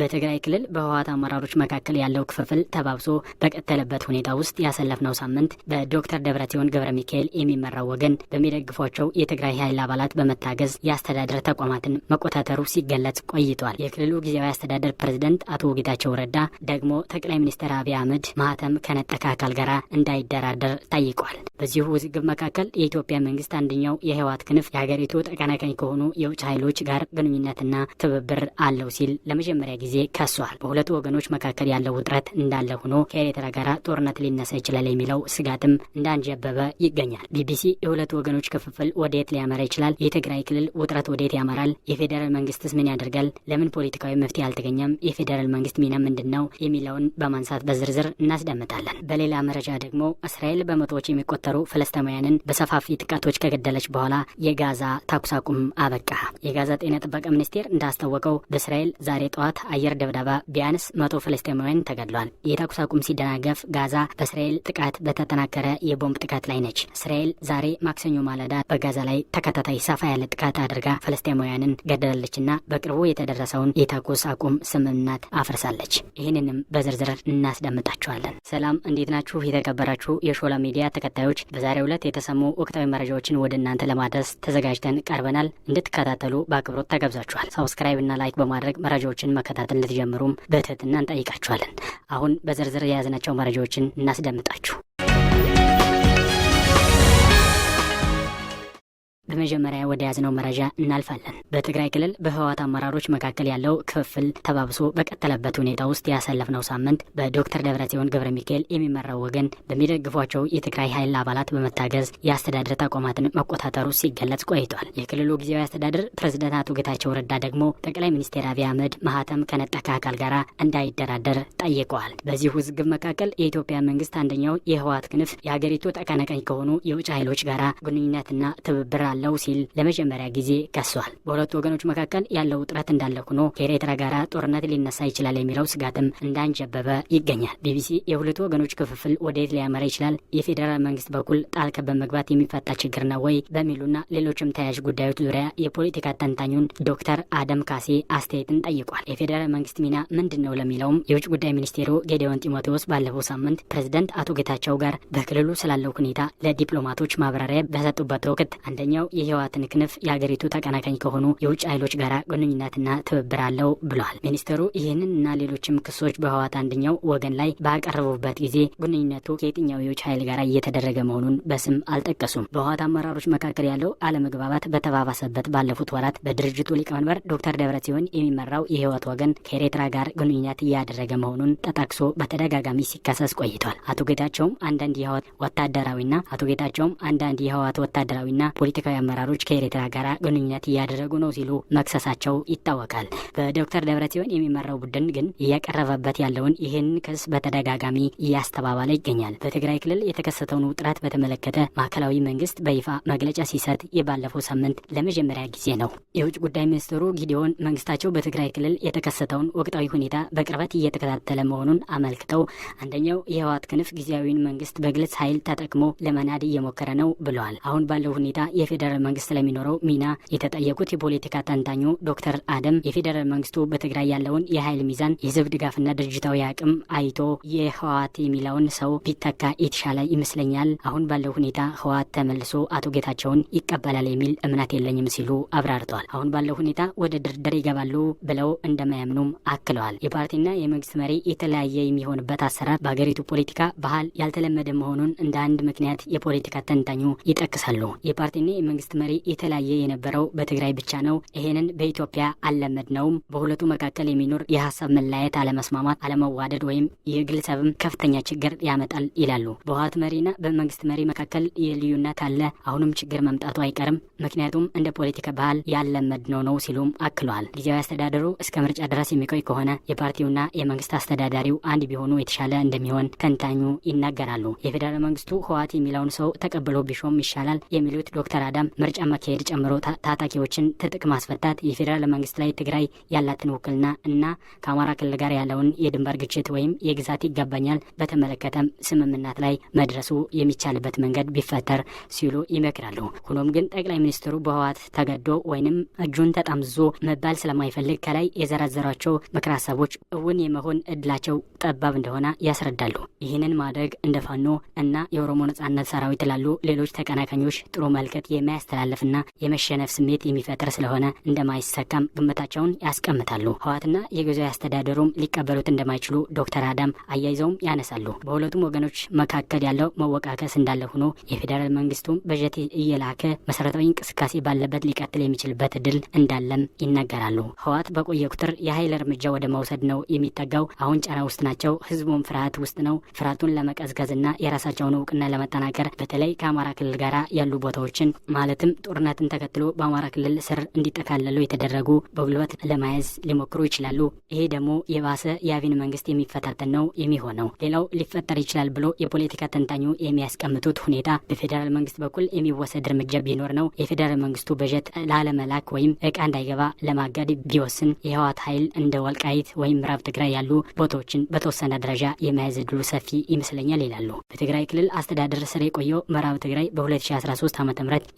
በትግራይ ክልል በህወሓት አመራሮች መካከል ያለው ክፍፍል ተባብሶ በቀጠለበት ሁኔታ ውስጥ ያሳለፍነው ሳምንት በዶክተር ደብረጽዮን ገብረ ሚካኤል የሚመራው ወገን በሚደግፏቸው የትግራይ ኃይል አባላት በመታገዝ የአስተዳደር ተቋማትን መቆጣጠሩ ሲገለጽ ቆይቷል። የክልሉ ጊዜያዊ አስተዳደር ፕሬዝደንት አቶ ጌታቸው ረዳ ደግሞ ጠቅላይ ሚኒስትር አብይ አህመድ ማህተም ከነጠቀ አካል ጋር እንዳይደራደር ጠይቋል። በዚሁ ውዝግብ መካከል የኢትዮጵያ መንግስት አንደኛው የህወሓት ክንፍ የሀገሪቱ ተቀናቃኝ ከሆኑ የውጭ ኃይሎች ጋር ግንኙነትና ትብብር አለው ሲል ለመጀመሪያ ጊዜ ከሷል። በሁለቱ ወገኖች መካከል ያለው ውጥረት እንዳለ ሆኖ ከኤርትራ ጋር ጦርነት ሊነሳ ይችላል የሚለው ስጋትም እንዳንጀበበ ይገኛል። ቢቢሲ የሁለቱ ወገኖች ክፍፍል ወዴት ሊያመራ ይችላል? የትግራይ ክልል ውጥረት ወዴት ያመራል? የፌዴራል መንግስትስ ምን ያደርጋል? ለምን ፖለቲካዊ መፍትሄ አልተገኘም? የፌዴራል መንግስት ሚና ምንድን ነው? የሚለውን በማንሳት በዝርዝር እናስደምጣለን። በሌላ መረጃ ደግሞ እስራኤል በመቶዎች የሚቆጠሩ ፍልስጤማውያንን በሰፋፊ ጥቃቶች ከገደለች በኋላ የጋዛ ተኩስ አቁም አበቃ። የጋዛ ጤና ጥበቃ ሚኒስቴር እንዳስታወቀው በእስራኤል ዛሬ ጠዋት አየር ደብዳባ ቢያንስ መቶ ፍልስጤማውያን ተገድሏል። የተኩስ አቁም ሲደናገፍ ጋዛ በእስራኤል ጥቃት በተጠናከረ የቦምብ ጥቃት ላይ ነች። እስራኤል ዛሬ ማክሰኞ ማለዳ በጋዛ ላይ ተከታታይ ሰፋ ያለ ጥቃት አድርጋ ፍልስጤማውያንን ገደላለችና በቅርቡ የተደረሰውን የተኩስ አቁም ስምምነት አፍርሳለች። ይህንንም በዝርዝር እናስደምጣችኋለን። ሰላም፣ እንዴት ናችሁ? የተከበራችሁ የሾላ ሚዲያ ተከታዮች በዛሬው ዕለት የተሰሙ ወቅታዊ መረጃዎችን ወደ እናንተ ለማድረስ ተዘጋጅተን ቀርበናል። እንድትከታተሉ በአክብሮት ተጋብዛችኋል። ሳብስክራይብ እና ላይክ በማድረግ መረጃዎችን መከታተል መሰጠት እንድትጀምሩም በትህትና እንጠይቃችኋለን። አሁን በዝርዝር የያዝናቸው መረጃዎችን እናስደምጣችሁ። በመጀመሪያ ወደ ያዝነው መረጃ እናልፋለን። በትግራይ ክልል በህወሓት አመራሮች መካከል ያለው ክፍፍል ተባብሶ በቀጠለበት ሁኔታ ውስጥ ያሳለፍነው ሳምንት በዶክተር ደብረጽዮን ገብረ ሚካኤል የሚመራው ወገን በሚደግፏቸው የትግራይ ኃይል አባላት በመታገዝ የአስተዳደር ተቋማትን መቆጣጠሩ ሲገለጽ ቆይቷል። የክልሉ ጊዜያዊ አስተዳደር ፕሬዝደንት አቶ ጌታቸው ረዳ ደግሞ ጠቅላይ ሚኒስትር አብይ አህመድ ማህተም ከነጠቀ አካል ጋር እንዳይደራደር ጠይቀዋል። በዚህ ውዝግብ መካከል የኢትዮጵያ መንግስት አንደኛው የህወሓት ክንፍ የሀገሪቱ ተቀናቃኝ ከሆኑ የውጭ ኃይሎች ጋራ ግንኙነትና ትብብር አለው ሲል ለመጀመሪያ ጊዜ ከሷል። በሁለቱ ወገኖች መካከል ያለው ውጥረት እንዳለ ሆኖ ከኤርትራ ጋር ጦርነት ሊነሳ ይችላል የሚለው ስጋትም እንዳንጀበበ ይገኛል። ቢቢሲ የሁለቱ ወገኖች ክፍፍል ወዴት ሊያመራ ይችላል፣ የፌዴራል መንግስት በኩል ጣልቃ በመግባት የሚፈታ ችግር ነው ወይ በሚሉና ሌሎችም ተያያዥ ጉዳዮች ዙሪያ የፖለቲካ ተንታኙን ዶክተር አደም ካሴ አስተያየትን ጠይቋል። የፌዴራል መንግስት ሚና ምንድን ነው ለሚለውም የውጭ ጉዳይ ሚኒስቴሩ ጌዲዮን ጢሞቴዎስ ባለፈው ሳምንት ፕሬዝደንት አቶ ጌታቸው ጋር በክልሉ ስላለው ሁኔታ ለዲፕሎማቶች ማብራሪያ በሰጡበት ወቅት አንደኛው ነው የህወሓትን ክንፍ የሀገሪቱ ተቀናቃኝ ከሆኑ የውጭ ኃይሎች ጋር ግንኙነትና ትብብር አለው ብሏል። ሚኒስትሩ ይህንን እና ሌሎችም ክሶች በህወሓት አንደኛው ወገን ላይ ባቀረቡበት ጊዜ ግንኙነቱ ከየትኛው የውጭ ኃይል ጋር እየተደረገ መሆኑን በስም አልጠቀሱም። በህወሓት አመራሮች መካከል ያለው አለመግባባት በተባባሰበት ባለፉት ወራት በድርጅቱ ሊቀመንበር ዶክተር ደብረጽዮን የሚመራው የህወሓት ወገን ከኤርትራ ጋር ግንኙነት እያደረገ መሆኑን ተጠቅሶ በተደጋጋሚ ሲከሰስ ቆይቷል። አቶ ጌታቸውም አንዳንድ የህወሓት ወታደራዊና አቶ ጌታቸውም አንዳንድ የህወሓት ወታደራዊና ፖለቲካዊ ወታደራዊ አመራሮች ከኤርትራ ጋር ግንኙነት እያደረጉ ነው ሲሉ መክሰሳቸው ይታወቃል። በዶክተር ደብረጽዮን የሚመራው ቡድን ግን እያቀረበበት ያለውን ይህን ክስ በተደጋጋሚ እያስተባባለ ይገኛል። በትግራይ ክልል የተከሰተውን ውጥረት በተመለከተ ማዕከላዊ መንግስት በይፋ መግለጫ ሲሰጥ የባለፈው ሳምንት ለመጀመሪያ ጊዜ ነው። የውጭ ጉዳይ ሚኒስትሩ ጊዲዮን መንግስታቸው በትግራይ ክልል የተከሰተውን ወቅታዊ ሁኔታ በቅርበት እየተከታተለ መሆኑን አመልክተው አንደኛው የህወሓት ክንፍ ጊዜያዊን መንግስት በግልጽ ኃይል ተጠቅሞ ለመናድ እየሞከረ ነው ብለዋል። አሁን ባለው ሁኔታ የፌደ በፌዴራል መንግስት ስለሚኖረው ሚና የተጠየቁት የፖለቲካ ተንታኙ ዶክተር አደም የፌዴራል መንግስቱ በትግራይ ያለውን የኃይል ሚዛን፣ የህዝብ ድጋፍና ድርጅታዊ አቅም አይቶ የህወሓት የሚለውን ሰው ቢተካ የተሻለ ይመስለኛል። አሁን ባለው ሁኔታ ህወሓት ተመልሶ አቶ ጌታቸውን ይቀበላል የሚል እምነት የለኝም ሲሉ አብራርተዋል። አሁን ባለው ሁኔታ ወደ ድርድር ይገባሉ ብለው እንደማያምኑም አክለዋል። የፓርቲና የመንግስት መሪ የተለያየ የሚሆንበት አሰራር በሀገሪቱ ፖለቲካ ባህል ያልተለመደ መሆኑን እንደ አንድ ምክንያት የፖለቲካ ተንታኙ ይጠቅሳሉ። የፓርቲና መንግስት መሪ የተለያየ የነበረው በትግራይ ብቻ ነው። ይሄንን በኢትዮጵያ አልለመድነውም። በሁለቱ መካከል የሚኖር የሀሳብ መለያየት፣ አለመስማማት፣ አለመዋደድ ወይም የግለሰብም ከፍተኛ ችግር ያመጣል ይላሉ። በህወሓት መሪና በመንግስት መሪ መካከል የልዩነት አለ። አሁንም ችግር መምጣቱ አይቀርም። ምክንያቱም እንደ ፖለቲካ ባህል ያለመድነው ነው ሲሉም አክለዋል። ጊዜያዊ አስተዳደሩ እስከ ምርጫ ድረስ የሚቆይ ከሆነ የፓርቲውና የመንግስት አስተዳዳሪው አንድ ቢሆኑ የተሻለ እንደሚሆን ተንታኙ ይናገራሉ። የፌዴራል መንግስቱ ህወሓት የሚለውን ሰው ተቀብሎ ቢሾም ይሻላል የሚሉት ዶክተር አዳም በመጨረሻም ምርጫ ማካሄድ ጨምሮ ታጣቂዎችን ትጥቅ ማስፈታት የፌዴራል መንግስት ላይ ትግራይ ያላትን ውክልና እና ከአማራ ክልል ጋር ያለውን የድንበር ግጭት ወይም የግዛት ይገባኛል በተመለከተም ስምምነት ላይ መድረሱ የሚቻልበት መንገድ ቢፈጠር ሲሉ ይመክራሉ። ሆኖም ግን ጠቅላይ ሚኒስትሩ በህወሓት ተገዶ ወይንም እጁን ተጠምዝዞ መባል ስለማይፈልግ ከላይ የዘረዘሯቸው ምክረ ሀሳቦች እውን የመሆን እድላቸው ጠባብ እንደሆነ ያስረዳሉ። ይህንን ማድረግ እንደ ፋኖ እና የኦሮሞ ነጻነት ሰራዊት ላሉ ሌሎች ተቀናቃኞች ጥሩ መልከት የማያስተላልፍና የመሸነፍ ስሜት የሚፈጥር ስለሆነ እንደማይሰካም ግምታቸውን ያስቀምታሉ። ህወሓትና የጊዜያዊ አስተዳደሩም ሊቀበሉት እንደማይችሉ ዶክተር አዳም አያይዘውም ያነሳሉ። በሁለቱም ወገኖች መካከል ያለው መወቃቀስ እንዳለ ሆኖ የፌዴራል መንግስቱም በጀት እየላከ መሰረታዊ እንቅስቃሴ ባለበት ሊቀጥል የሚችልበት እድል እንዳለም ይነገራሉ። ህወሓት በቆየ ቁጥር የኃይል እርምጃ ወደ መውሰድ ነው የሚጠጋው። አሁን ጫና ውስጥ ናቸው። ህዝቡም ፍርሃት ውስጥ ነው። ፍርሃቱን ለመቀዝቀዝና የራሳቸውን እውቅና ለመጠናከር በተለይ ከአማራ ክልል ጋር ያሉ ቦታዎችን ማለትም ጦርነትን ተከትሎ በአማራ ክልል ስር እንዲጠቃለሉ የተደረጉ በጉልበት ለማያዝ ሊሞክሩ ይችላሉ። ይሄ ደግሞ የባሰ የአብን መንግስት የሚፈታተን ነው የሚሆነው። ሌላው ሊፈጠር ይችላል ብሎ የፖለቲካ ተንታኙ የሚያስቀምጡት ሁኔታ በፌዴራል መንግስት በኩል የሚወሰድ እርምጃ ቢኖር ነው የፌዴራል መንግስቱ በጀት ላለመላክ ወይም እቃ እንዳይገባ ለማጋድ ቢወስን የህወሓት ኃይል እንደ ወልቃይት ወይም ምዕራብ ትግራይ ያሉ ቦታዎችን በተወሰነ ደረጃ የመያዝ ዕድሉ ሰፊ ይመስለኛል ይላሉ። በትግራይ ክልል አስተዳደር ስር የቆየው ምዕራብ ትግራይ በ2013 ዓ ም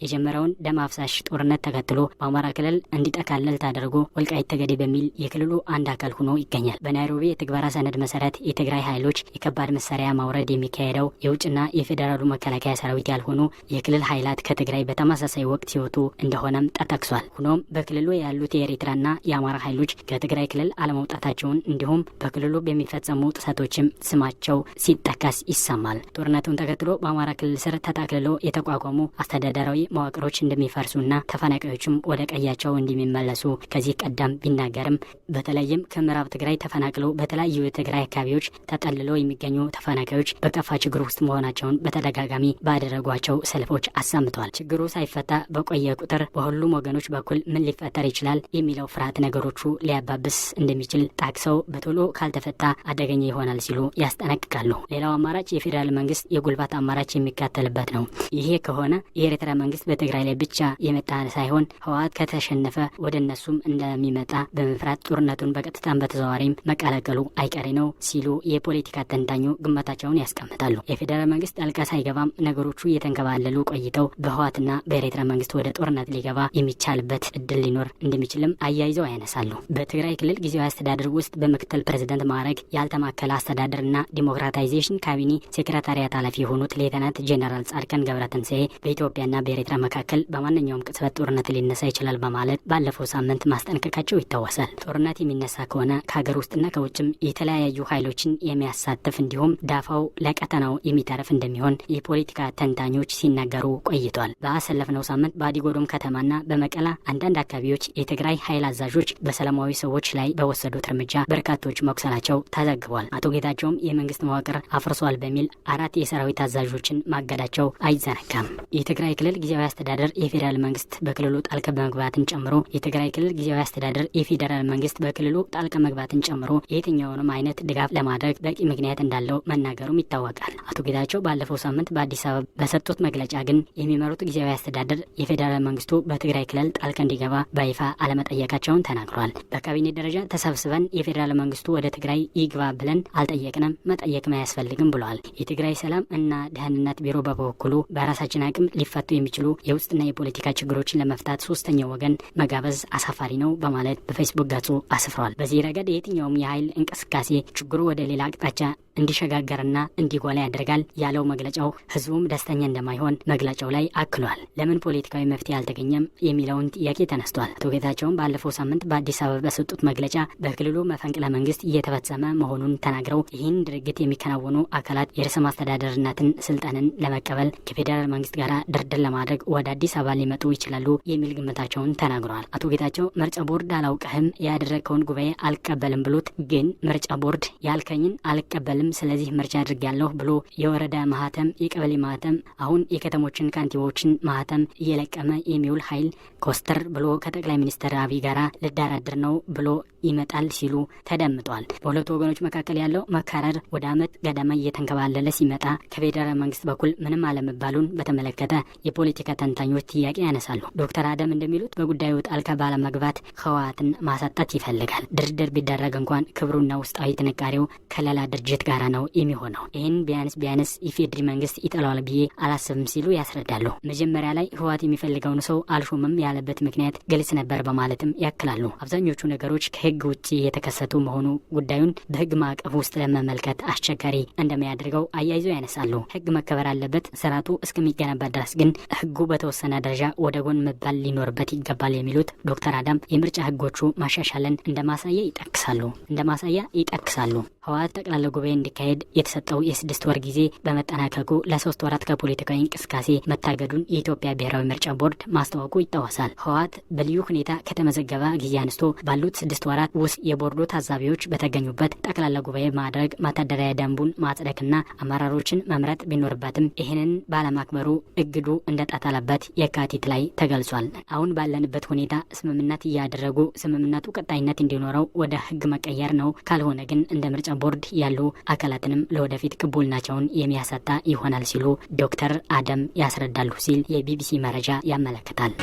የጀመረውን ደም አፍሳሽ ጦርነት ተከትሎ በአማራ ክልል እንዲጠቃለል ተደርጎ ወልቃይት ተገዴ በሚል የክልሉ አንድ አካል ሆኖ ይገኛል። በናይሮቢ የትግበራ ሰነድ መሰረት የትግራይ ኃይሎች የከባድ መሳሪያ ማውረድ የሚካሄደው የውጭና የፌዴራሉ መከላከያ ሰራዊት ያልሆኑ የክልል ኃይላት ከትግራይ በተመሳሳይ ወቅት ሲወጡ እንደሆነም ተጠቅሷል። ሆኖም በክልሉ ያሉት የኤሪትራና የአማራ ኃይሎች ከትግራይ ክልል አለመውጣታቸውን እንዲሁም በክልሉ በሚፈጸሙ ጥሰቶችም ስማቸው ሲጠቀስ ይሰማል። ጦርነቱን ተከትሎ በአማራ ክልል ስር ተጠቅልሎ የተቋቋሙ አስተዳደራዊ መዋቅሮች እንደሚፈርሱና ተፈናቃዮችም ወደ ቀያቸው እንደሚመለሱ ከዚህ ቀደም ቢናገርም በተለይም ከምዕራብ ትግራይ ተፈናቅለው በተለያዩ የትግራይ አካባቢዎች ተጠልለው የሚገኙ ተፈናቃዮች በከፋ ችግር ውስጥ መሆናቸውን በተደጋጋሚ ባደረጓቸው ሰልፎች አሰምተዋል። ችግሩ ሳይፈታ በቆየ ቁጥር በሁሉም ወገኖች በኩል ምን ሊፈጠር ይችላል የሚለው ፍርሃት ነገሮቹ ሊያባብስ እንደሚችል ጠቅሰው በቶሎ ካልተፈታ አደገኛ ይሆናል ሲሉ ያስጠነቅቃሉ። ሌላው አማራጭ የፌዴራል መንግስት የጉልባት አማራጭ የሚካተልበት ነው። ይሄ ከሆነ የኤርትራ መንግስት በትግራይ ላይ ብቻ የመጣ ሳይሆን ህወሓት ከተሸነፈ ወደ እነሱም እንደሚመጣ በመፍራት ጦርነቱን በቀጥታም በተዘዋዋሪም መቀላቀሉ አይቀሬ ነው ሲሉ የፖለቲካ ተንታኙ ግመታቸውን ያስቀምጣሉ። የፌዴራል መንግስት ጣልቃ ሳይገባም ነገሮቹ እየተንከባለሉ ቆይተው በህወሓትና በኤርትራ መንግስት ወደ ጦርነት ሊገባ የሚቻልበት እድል ሊኖር እንደሚችልም አያይዘው ያነሳሉ። በትግራይ ክልል ጊዜያዊ አስተዳደር ውስጥ በምክትል ፕሬዝደንት ማዕረግ ያልተማከለ አስተዳደርና ዲሞክራታይዜሽን ካቢኔ ሴክረታሪያት ኃላፊ የሆኑት ሌተናንት ጄኔራል ጻድቃን ገብረትንሳኤ በኢትዮጵያና በኤርትራ መካከል በማንኛውም ቅጽበት ጦርነት ሊነሳ ይችላል በማለት ባለፈው ሳምንት ማስጠንቀቃቸው ይታወሳል። ጦርነት የሚነሳ ከሆነ ከሀገር ውስጥና ከውጭም የተለያዩ ኃይሎችን የሚያሳትፍ እንዲሁም ዳፋው ለቀጠናው የሚተረፍ እንደሚሆን የፖለቲካ ተንታኞች ሲናገሩ ቆይቷል። በአሰለፍነው ሳምንት በአዲጎዶም ከተማና በመቀላ አንዳንድ አካባቢዎች የትግራይ ኃይል አዛዦች በሰላማዊ ሰዎች ላይ በወሰዱት እርምጃ በርካቶች መቁሰላቸው ተዘግቧል። አቶ ጌታቸውም የመንግስት መዋቅር አፍርሷል በሚል አራት የሰራዊት አዛዦችን ማገዳቸው አይዘነጋም። የትግራይ ክልል ጊዜያዊ ጊዜያዊ አስተዳደር የፌዴራል መንግስት በክልሉ ጣልቀ በመግባትን ጨምሮ የትግራይ ክልል ጊዜያዊ አስተዳደር የፌዴራል መንግስት በክልሉ ጣልቀ መግባትን ጨምሮ የትኛውንም አይነት ድጋፍ ለማድረግ በቂ ምክንያት እንዳለው መናገሩም ይታወቃል። አቶ ጌታቸው ባለፈው ሳምንት በአዲስ አበባ በሰጡት መግለጫ ግን የሚመሩት ጊዜያዊ አስተዳደር የፌዴራል መንግስቱ በትግራይ ክልል ጣልቀ እንዲገባ በይፋ አለመጠየቃቸውን ተናግሯል። በካቢኔ ደረጃ ተሰብስበን የፌዴራል መንግስቱ ወደ ትግራይ ይግባ ብለን አልጠየቅንም፣ መጠየቅም አያስፈልግም ብለዋል። የትግራይ ሰላም እና ደህንነት ቢሮ በበኩሉ በራሳችን አቅም ሊፈቱ የሚችሉ የውስጥና የፖለቲካ ችግሮችን ለመፍታት ሶስተኛው ወገን መጋበዝ አሳፋሪ ነው በማለት በፌስቡክ ገጹ አስፍሯል። በዚህ ረገድ የትኛውም የኃይል እንቅስቃሴ ችግሩ ወደ ሌላ አቅጣጫ እንዲሸጋገርና እንዲጎላ ያደርጋል ያለው መግለጫው፣ ህዝቡም ደስተኛ እንደማይሆን መግለጫው ላይ አክሏል። ለምን ፖለቲካዊ መፍትሄ አልተገኘም የሚለውን ጥያቄ ተነስቷል። አቶ ጌታቸውም ባለፈው ሳምንት በአዲስ አበባ በሰጡት መግለጫ በክልሉ መፈንቅለ መንግስት እየተፈጸመ መሆኑን ተናግረው ይህን ድርጊት የሚከናወኑ አካላት የርዕሰ ማስተዳደርነትን ስልጣንን ለመቀበል ከፌዴራል መንግስት ጋር ድርድር ለማድረግ ወደ አዲስ አበባ ሊመጡ ይችላሉ የሚል ግምታቸውን ተናግረዋል። አቶ ጌታቸው ምርጫ ቦርድ አላውቅህም ያደረግከውን ጉባኤ አልቀበልም ብሎት ግን ምርጫ ቦርድ ያልከኝን አልቀበልም አልችልም፣ ስለዚህ ምርጫ አድርጊያለሁ ብሎ የወረዳ ማህተም፣ የቀበሌ ማህተም፣ አሁን የከተሞችን ካንቲባዎችን ማህተም እየለቀመ የሚውል ኃይል ኮስተር ብሎ ከጠቅላይ ሚኒስትር አብይ ጋር ልደራደር ነው ብሎ ይመጣል ሲሉ ተደምጧል። በሁለቱ ወገኖች መካከል ያለው መካረር ወደ አመት ገደማ እየተንከባለለ ሲመጣ ከፌዴራል መንግስት በኩል ምንም አለመባሉን በተመለከተ የፖለቲካ ተንታኞች ጥያቄ ያነሳሉ። ዶክተር አደም እንደሚሉት በጉዳዩ ጣልቃ ባለመግባት ህወሓትን ማሳጣት ይፈልጋል። ድርድር ቢደረግ እንኳን ክብሩና ውስጣዊ ጥንካሬው ከሌላ ድርጅት ጋር የጋራ ነው የሚሆነው። ይህን ቢያንስ ቢያንስ የፌድሪ መንግስት ይጠላዋል ብዬ አላስብም ሲሉ ያስረዳሉ። መጀመሪያ ላይ ህወሓት የሚፈልገውን ሰው አልሾምም ያለበት ምክንያት ግልጽ ነበር በማለትም ያክላሉ። አብዛኞቹ ነገሮች ከህግ ውጭ የተከሰቱ መሆኑ ጉዳዩን በህግ ማዕቀፍ ውስጥ ለመመልከት አስቸጋሪ እንደሚያደርገው አያይዘው ያነሳሉ። ህግ መከበር አለበት፣ ስርዓቱ እስከሚገነባ ድረስ ግን ህጉ በተወሰነ ደረጃ ወደ ጎን መባል ሊኖርበት ይገባል የሚሉት ዶክተር አዳም የምርጫ ህጎቹ ማሻሻልን እንደማሳያ ይጠቅሳሉ እንደማሳያ ይጠቅሳሉ። ህወሓት ጠቅላላ ጉባኤ እንዲካሄድ የተሰጠው የስድስት ወር ጊዜ በመጠናቀቁ ለሶስት ወራት ከፖለቲካዊ እንቅስቃሴ መታገዱን የኢትዮጵያ ብሔራዊ ምርጫ ቦርድ ማስታወቁ ይታወሳል። ህወሓት በልዩ ሁኔታ ከተመዘገበ ጊዜ አንስቶ ባሉት ስድስት ወራት ውስጥ የቦርዱ ታዛቢዎች በተገኙበት ጠቅላላ ጉባኤ ማድረግ፣ ማታደሪያ ደንቡን ማጽደቅና አመራሮችን መምረጥ ቢኖርበትም ይህንን ባለማክበሩ እግዱ እንደጣጣለበት የካቲት ላይ ተገልጿል። አሁን ባለንበት ሁኔታ ስምምነት እያደረጉ ስምምነቱ ቀጣይነት እንዲኖረው ወደ ህግ መቀየር ነው። ካልሆነ ግን እንደ ምርጫ ቦርድ ያሉ አካላትንም ለወደፊት ቅቡልናቸውን የሚያሳጣ ይሆናል ሲሉ ዶክተር አደም ያስረዳሉ ሲል የቢቢሲ መረጃ ያመለክታል።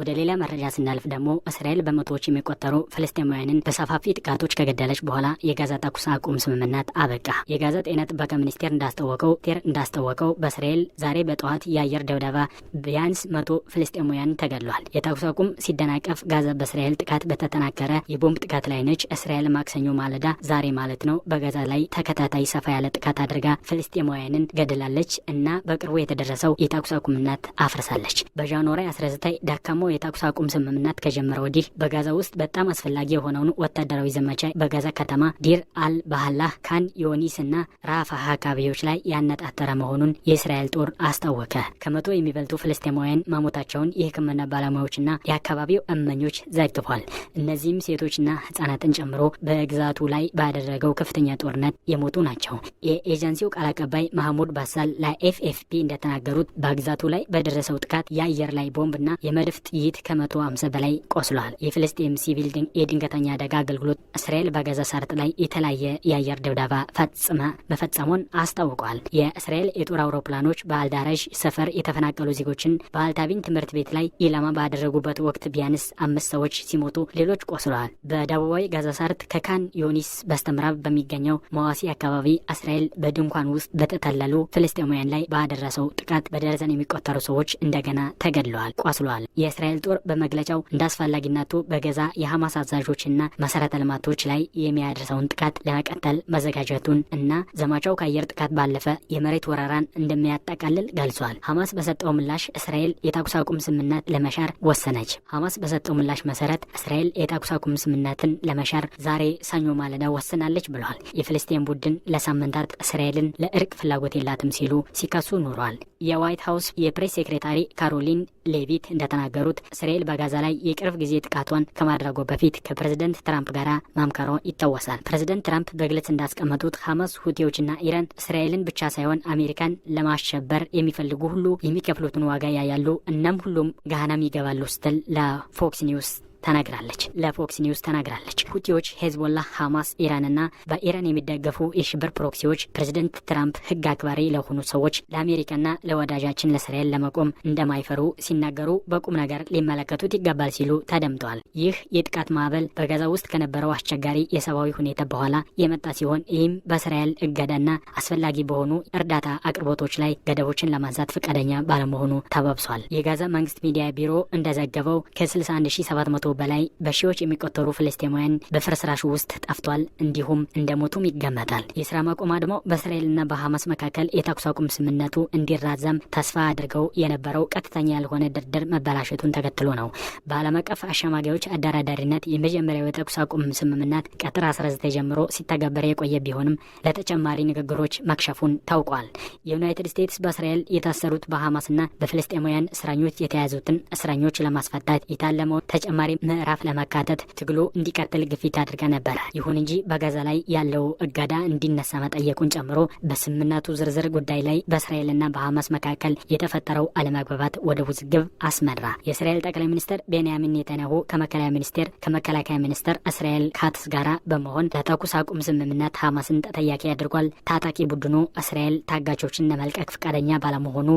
ወደ ሌላ መረጃ ስናልፍ ደግሞ እስራኤል በመቶዎች የሚቆጠሩ ፍልስጤማውያንን በሰፋፊ ጥቃቶች ከገደለች በኋላ የጋዛ ተኩስ አቁም ስምምነት አበቃ። የጋዛ ጤና ጥበቃ ሚኒስቴር እንዳስታወቀው ቴር እንዳስታወቀው በእስራኤል ዛሬ በጠዋት የአየር ድብደባ ቢያንስ መቶ ፍልስጤማውያን ተገድሏል። የተኩስ አቁም ሲደናቀፍ ጋዛ በእስራኤል ጥቃት በተጠናከረ የቦምብ ጥቃት ላይ ነች። እስራኤል ማክሰኞ ማለዳ ዛሬ ማለት ነው በጋዛ ላይ ተከታታይ ሰፋ ያለ ጥቃት አድርጋ ፍልስጤማውያንን ገድላለች እና በቅርቡ የተደረሰው የተኩስ አቁምነት አፍርሳለች። በጃንዋሪ 19 ዳካሞ የተኩስ አቁም ስምምነት ከጀመረ ወዲህ በጋዛ ውስጥ በጣም አስፈላጊ የሆነውን ወታደራዊ ዘመቻ በጋዛ ከተማ ዲር አል ባህላህ፣ ካን ዮኒስ እና ራፋሃ አካባቢዎች ላይ ያነጣጠረ መሆኑን የእስራኤል ጦር አስታወቀ። ከመቶ የሚበልጡ ፍልስጤማውያን መሞታቸውን የሕክምና ባለሙያዎችና የአካባቢው እመኞች ዘግቧል። እነዚህም ሴቶችና ህጻናትን ጨምሮ በግዛቱ ላይ ባደረገው ከፍተኛ ጦርነት የሞቱ ናቸው። የኤጀንሲው ቃል አቀባይ ማህሙድ ባሳል ለኤፍኤፍፒ እንደተናገሩት በግዛቱ ላይ በደረሰው ጥቃት የአየር ላይ ቦምብና የመድፍ ጥይት ከ150 በላይ ቆስሏል። የፍልስጤም ሲቪል የድንገተኛ አደጋ አገልግሎት እስራኤል በጋዛ ሰርጥ ላይ የተለያየ የአየር ድብደባ ፈጽመ መፈጸሙን አስታውቋል። የእስራኤል የጦር አውሮፕላኖች በአልዳረሽ ሰፈር የተፈናቀሉ ዜጎችን በአልታቢን ትምህርት ቤት ላይ ኢላማ ባደረጉበት ወቅት ቢያንስ አምስት ሰዎች ሲሞቱ ሌሎች ቆስለዋል። በደቡባዊ ጋዛ ሰርጥ ከካን ዮኒስ በስተምዕራብ በሚገኘው መዋሲ አካባቢ እስራኤል በድንኳን ውስጥ በተጠለሉ ፍልስጤማውያን ላይ ባደረሰው ጥቃት በደርዘን የሚቆጠሩ ሰዎች እንደገና ተገድለዋል፣ ቆስለዋል። የእስራኤል ጦር በመግለጫው እንደ አስፈላጊነቱ በገዛ የሐማስ አዛዦችና መሰረተ ልማቶች ላይ የሚያደርሰውን ጥቃት ለመቀጠል መዘጋጀቱን እና ዘማቻው ከአየር ጥቃት ባለፈ የመሬት ወረራን እንደሚያጠቃልል ገልጿል። ሐማስ በሰጠው ምላሽ እስራኤል የተኩስ አቁም ስምምነት ለመሻር ወሰነች። ሐማስ በሰጠው ምላሽ መሰረት እስራኤል የተኩስ አቁም ስምምነትን ለመሻር ዛሬ ሰኞ ማለዳ ወስናለች ብሏል። የፍልስጤን ቡድን ለሳምንታት እስራኤልን ለእርቅ ፍላጎት የላትም ሲሉ ሲከሱ ኑሯል። የዋይት ሀውስ የፕሬስ ሴክሬታሪ ካሮሊን ሌቪት እንደተናገሩ የተናገሩት እስራኤል በጋዛ ላይ የቅርብ ጊዜ ጥቃቷን ከማድረጉ በፊት ከፕሬዝደንት ትራምፕ ጋር ማምከሮ ይታወሳል። ፕሬዝደንት ትራምፕ በግልጽ እንዳስቀመጡት ሐማስ፣ ሁቲዎችና ኢራን እስራኤልን ብቻ ሳይሆን አሜሪካን ለማሸበር የሚፈልጉ ሁሉ የሚከፍሉትን ዋጋ ያያሉ። እናም ሁሉም ገሃናም ይገባሉ ስትል ለፎክስ ኒውስ ተናግራለች። ለፎክስ ኒውስ ተናግራለች። ሁቲዎች፣ ሄዝቦላ፣ ሐማስ፣ ኢራንና በኢራን የሚደገፉ የሽብር ፕሮክሲዎች ፕሬዚደንት ትራምፕ ህግ አክባሪ ለሆኑ ሰዎች ለአሜሪካና ለወዳጃችን ለእስራኤል ለመቆም እንደማይፈሩ ሲናገሩ በቁም ነገር ሊመለከቱት ይገባል ሲሉ ተደምጠዋል። ይህ የጥቃት ማዕበል በጋዛ ውስጥ ከነበረው አስቸጋሪ የሰብአዊ ሁኔታ በኋላ የመጣ ሲሆን ይህም በእስራኤል እገዳና አስፈላጊ በሆኑ እርዳታ አቅርቦቶች ላይ ገደቦችን ለማንሳት ፈቃደኛ ባለመሆኑ ተባብሷል። የጋዛ መንግስት ሚዲያ ቢሮ እንደዘገበው ከ61700 በላይ በሺዎች የሚቆጠሩ ፍልስጤማውያን በፍርስራሹ ውስጥ ጠፍቷል፣ እንዲሁም ሞቱም ይገመታል። የስራ ማቆም አድማው በእስራኤልና በሐማስ መካከል የተኩስ አቁም ስምምነቱ እንዲራዘም ተስፋ አድርገው የነበረው ቀጥተኛ ያልሆነ ድርድር መበላሸቱን ተከትሎ ነው። በዓለም አቀፍ አሸማጊዎች አደራዳሪነት የመጀመሪያው የተኩስ አቁም ስምምነት ቀጥር 19 ጀምሮ ሲተገበር የቆየ ቢሆንም ለተጨማሪ ንግግሮች መክሸፉን ታውቋል። የዩናይትድ ስቴትስ በእስራኤል የታሰሩት በሐማስና በፍልስጤማውያን እስረኞች የተያዙትን እስረኞች ለማስፈታት የታለመው ተጨማሪ ምዕራፍ ለማካተት ትግሉ እንዲቀጥል ግፊት አድርገ ነበረ። ይሁን እንጂ በጋዛ ላይ ያለው እገዳ እንዲነሳ መጠየቁን ጨምሮ በስምምነቱ ዝርዝር ጉዳይ ላይ በእስራኤልና በሐማስ መካከል የተፈጠረው አለመግባባት ወደ ውዝግብ አስመራ። የእስራኤል ጠቅላይ ሚኒስትር ቤንያሚን ኔታንያሁ ከመከላከያ ሚኒስቴር ከመከላከያ ሚኒስትር እስራኤል ካትስ ጋራ በመሆን ለተኩስ አቁም ስምምነት ሐማስን ተጠያቂ አድርጓል። ታጣቂ ቡድኑ እስራኤል ታጋቾችን ለመልቀቅ ፈቃደኛ ባለመሆኑ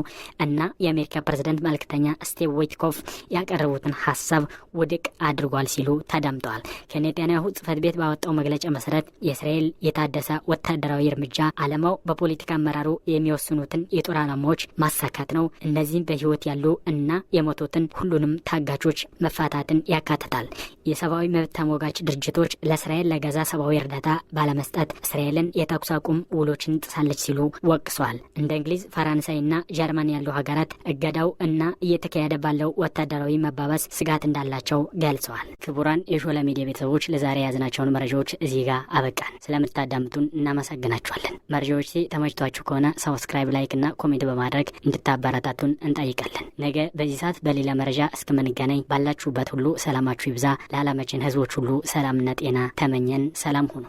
እና የአሜሪካ ፕሬዝደንት መልክተኛ ስቲቭ ዊትኮፍ ያቀረቡትን ሀሳብ ውድቅ አድርጓል ሲሉ ተደምጠዋል። ከኔታንያሁ ጽህፈት ቤት ባወጣው መግለጫ መሰረት የእስራኤል የታደሰ ወታደራዊ እርምጃ አለማው በፖለቲካ አመራሩ የሚወስኑትን የጦር ዓላማዎች ማሳካት ነው። እነዚህም በህይወት ያሉ እና የሞቱትን ሁሉንም ታጋቾች መፋታትን ያካትታል። የሰብአዊ መብት ተሟጋች ድርጅቶች ለእስራኤል ለጋዛ ሰብአዊ እርዳታ ባለመስጠት እስራኤልን የተኩስ አቁም ውሎችን ጥሳለች ሲሉ ወቅሷል። እንደ እንግሊዝ፣ እና ጀርመን ያሉ ሀገራት እገዳው እና እየተካሄደ ባለው ወታደራዊ መባባስ ስጋት እንዳላቸው ገልጸዋል። ክቡራን የሾለ ሚዲያ ቤተሰቦች ለዛሬ የያዝናቸውን መረጃዎች እዚህ ጋር አበቃን። ስለምታዳምጡን እናመሰግናችኋለን። መረጃዎች ተመችቷችሁ ከሆነ ሰብስክራይብ፣ ላይክ እና ኮሜንት በማድረግ እንድታበረታቱን እንጠይቃለን። ነገ በዚህ ሰዓት በሌላ መረጃ እስክምንገናኝ ባላችሁበት ሁሉ ሰላማችሁ ይብዛ። ለዓለማችን ህዝቦች ሁሉ ሰላምና ጤና ተመኘን። ሰላም ሁኑ።